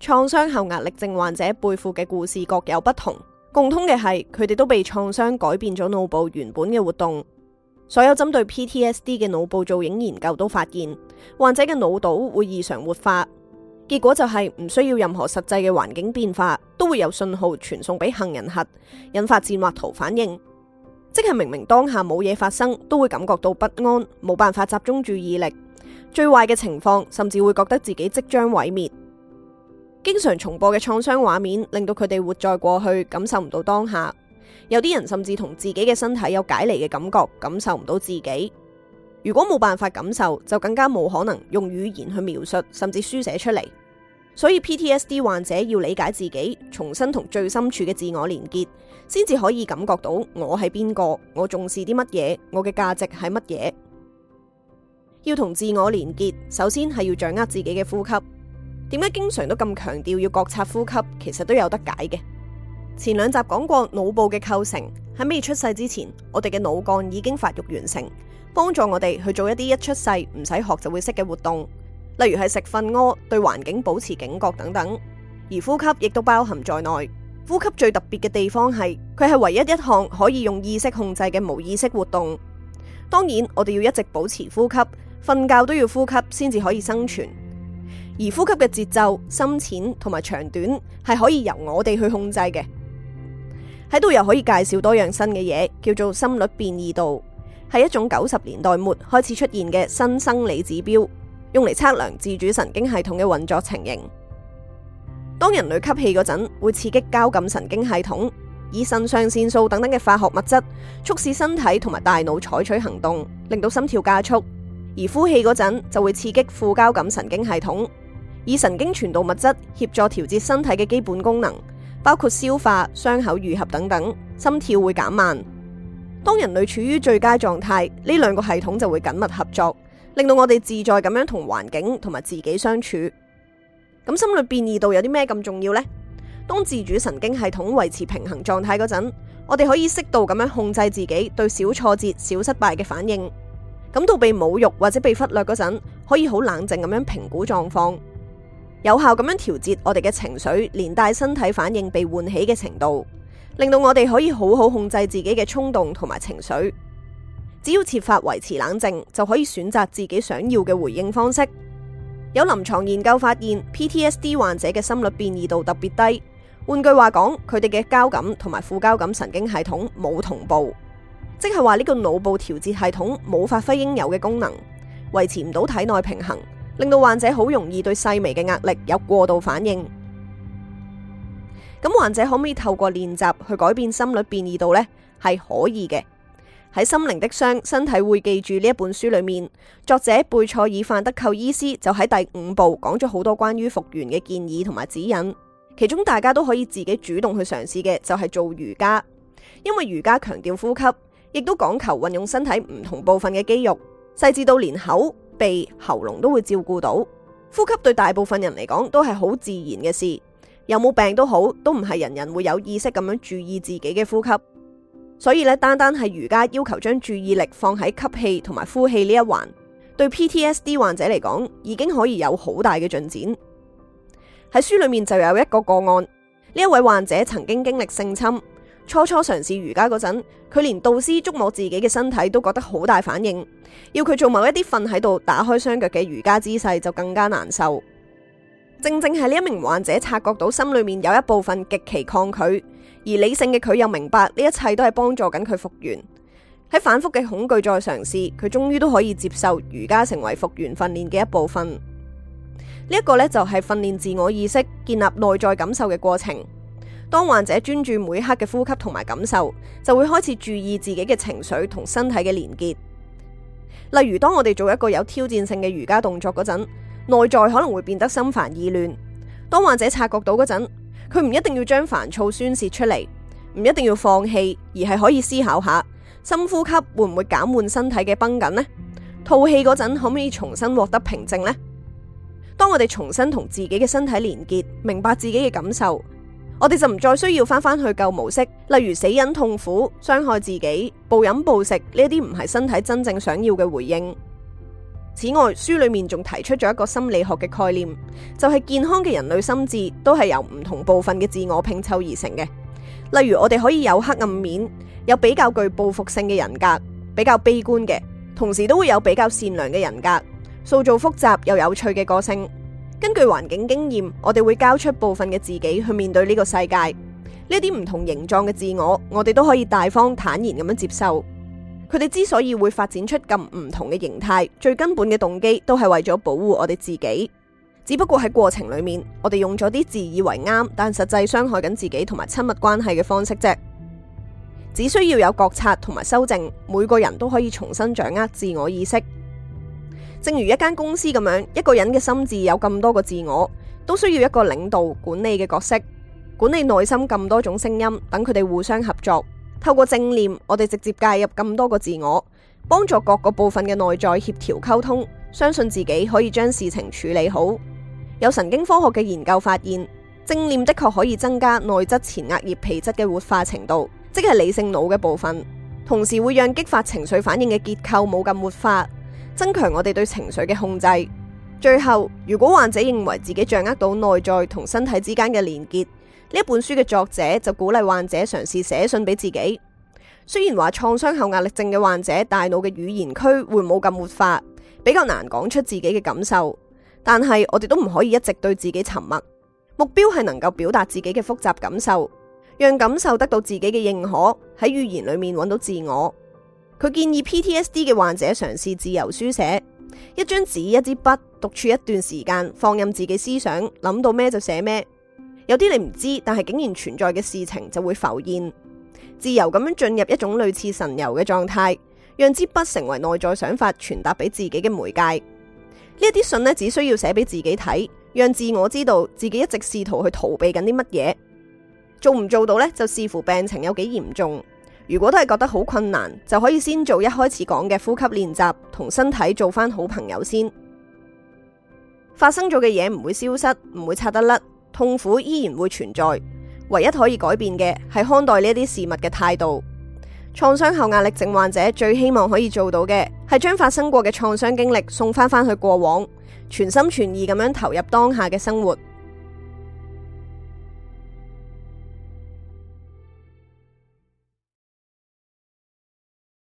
創傷後壓力症患者背負嘅故事各有不同，共通嘅係佢哋都被創傷改變咗腦部原本嘅活動。所有針對 PTSD 嘅腦部造影研究都發現，患者嘅腦島會異常活化，結果就係唔需要任何實際嘅環境變化，都會有信號傳送俾杏仁核，引發戰或逃反應，即係明明當下冇嘢發生，都會感覺到不安，冇辦法集中注意力。最壞嘅情況，甚至會覺得自己即將毀滅。經常重播嘅創傷畫面，令到佢哋活在過去，感受唔到當下。有啲人甚至同自己嘅身體有解離嘅感覺，感受唔到自己。如果冇辦法感受，就更加冇可能用語言去描述，甚至書寫出嚟。所以 PTSD 患者要理解自己，重新同最深處嘅自我連結，先至可以感覺到我係邊個，我重視啲乜嘢，我嘅價值係乜嘢。要同自我連結，首先係要掌握自己嘅呼吸。點解經常都咁強調要覺察呼吸？其實都有得解嘅。前兩集講過腦部嘅構成，喺未出世之前，我哋嘅腦幹已經發育完成，幫助我哋去做一啲一出世唔使學就會識嘅活動，例如係食瞓屙、對環境保持警覺等等。而呼吸亦都包含在內。呼吸最特別嘅地方係，佢係唯一一項可以用意識控制嘅無意識活動。當然，我哋要一直保持呼吸，瞓覺都要呼吸，先至可以生存。而呼吸嘅節奏、深淺同埋長短係可以由我哋去控制嘅。喺度又可以介紹多樣新嘅嘢，叫做心率變異度，係一種九十年代末開始出現嘅新生理指標，用嚟測量自主神經系統嘅運作情形。當人類吸氣嗰陣會刺激交感神經系統，以腎上腺素等等嘅化學物質促使身體同埋大腦採取行動，令到心跳加速；而呼氣嗰陣就會刺激副交感神經系統。以神經傳導物質協助調節身體嘅基本功能，包括消化、傷口愈合等等。心跳會減慢。當人類處於最佳狀態，呢兩個系統就會緊密合作，令到我哋自在咁樣同環境同埋自己相處。咁心率變異度有啲咩咁重要呢？當自主神經系統維持平衡狀態嗰陣，我哋可以適度咁樣控制自己對小挫折、小失敗嘅反應。咁到被侮辱或者被忽略嗰陣，可以好冷靜咁樣評估狀況。有效咁樣調節我哋嘅情緒，連帶身體反應被喚起嘅程度，令到我哋可以好好控制自己嘅衝動同埋情緒。只要設法維持冷靜，就可以選擇自己想要嘅回應方式。有臨床研究發現，PTSD 患者嘅心率變異度特別低。換句話講，佢哋嘅交感同埋副交感神經系統冇同步，即係話呢個腦部調節系統冇發揮應有嘅功能，維持唔到體內平衡。令到患者好容易對細微嘅壓力有過度反應。咁患者可唔可以透過練習去改變心率變異度呢？係可以嘅。喺《心靈的傷，身體會記住》呢一本書裏面，作者貝塞爾范德寇醫師就喺第五部講咗好多關於復原嘅建議同埋指引。其中大家都可以自己主動去嘗試嘅就係、是、做瑜伽，因為瑜伽強調呼吸，亦都講求運用身體唔同部分嘅肌肉，細緻到連口鼻、喉嚨都會照顧到呼吸，對大部分人嚟講都係好自然嘅事。有冇病都好，都唔係人人會有意識咁樣注意自己嘅呼吸。所以咧，單單係瑜伽要求將注意力放喺吸氣同埋呼氣呢一環，對 PTSD 患者嚟講已經可以有好大嘅進展。喺書裏面就有一個個案，呢一位患者曾經經歷性侵。初初嘗試瑜伽嗰陣，佢連導師觸摸自己嘅身體都覺得好大反應，要佢做某一啲瞓喺度打開雙腳嘅瑜伽姿勢就更加難受。正正係呢一名患者察覺到心裏面有一部分極其抗拒，而理性嘅佢又明白呢一切都係幫助緊佢復原。喺反覆嘅恐懼再嘗試，佢終於都可以接受瑜伽成為復原訓練嘅一部分。呢一個咧就係訓練自我意識、建立內在感受嘅過程。當患者專注每一刻嘅呼吸同埋感受，就會開始注意自己嘅情緒同身體嘅連結。例如，當我哋做一個有挑戰性嘅瑜伽動作嗰陣，內在可能會變得心煩意亂。當患者察覺到嗰陣，佢唔一定要將煩躁宣洩出嚟，唔一定要放棄，而係可以思考下，深呼吸會唔會減緩身體嘅繃緊呢？吐氣嗰陣可唔可以重新獲得平靜呢？當我哋重新同自己嘅身體連結，明白自己嘅感受。我哋就唔再需要翻返去舊模式，例如死忍痛苦、傷害自己、暴飲暴食呢啲唔係身體真正想要嘅回應。此外，書裏面仲提出咗一個心理學嘅概念，就係健康嘅人類心智都係由唔同部分嘅自我拼湊而成嘅。例如，我哋可以有黑暗面，有比較具報復性嘅人格，比較悲觀嘅，同時都會有比較善良嘅人格，塑造複雜又有趣嘅個性。根據環境經驗，我哋會交出部分嘅自己去面對呢個世界。呢啲唔同形狀嘅自我，我哋都可以大方坦然咁樣接受。佢哋之所以會發展出咁唔同嘅形態，最根本嘅動機都係為咗保護我哋自己。只不過喺過程裏面，我哋用咗啲自以為啱，但實際傷害緊自己同埋親密關係嘅方式啫。只需要有覺察同埋修正，每個人都可以重新掌握自我意識。正如一間公司咁樣，一個人嘅心智有咁多個自我，都需要一個領導管理嘅角色，管理內心咁多種聲音，等佢哋互相合作。透過正念，我哋直接介入咁多個自我，幫助各個部分嘅內在協調溝通，相信自己可以將事情處理好。有神經科學嘅研究發現，正念的確可以增加內側前額葉皮質嘅活化程度，即係理性腦嘅部分，同時會讓激發情緒反應嘅結構冇咁活化。增強我哋對情緒嘅控制。最後，如果患者認為自己掌握到內在同身體之間嘅連結，呢一本書嘅作者就鼓勵患者嘗試寫信俾自己。雖然話創傷後壓力症嘅患者，大腦嘅語言區會冇咁活發，比較難講出自己嘅感受，但係我哋都唔可以一直對自己沉默。目標係能夠表達自己嘅複雜感受，讓感受得到自己嘅認可，喺語言裏面揾到自我。佢建議 PTSD 嘅患者嘗試自由書寫，一張紙一支筆，獨處一段時間，放任自己思想，諗到咩就寫咩。有啲你唔知，但係竟然存在嘅事情就會浮現，自由咁樣進入一種類似神遊嘅狀態，讓支筆成為內在想法傳達俾自己嘅媒介。呢一啲信呢，只需要寫俾自己睇，讓自我知道自己一直試圖去逃避緊啲乜嘢，做唔做到呢，就視乎病情有幾嚴重。如果都係覺得好困難，就可以先做一開始講嘅呼吸練習，同身體做翻好朋友先。發生咗嘅嘢唔會消失，唔會拆得甩，痛苦依然會存在。唯一可以改變嘅係看待呢啲事物嘅態度。創傷後壓力症患者最希望可以做到嘅係將發生過嘅創傷經歷送翻返去過往，全心全意咁樣投入當下嘅生活。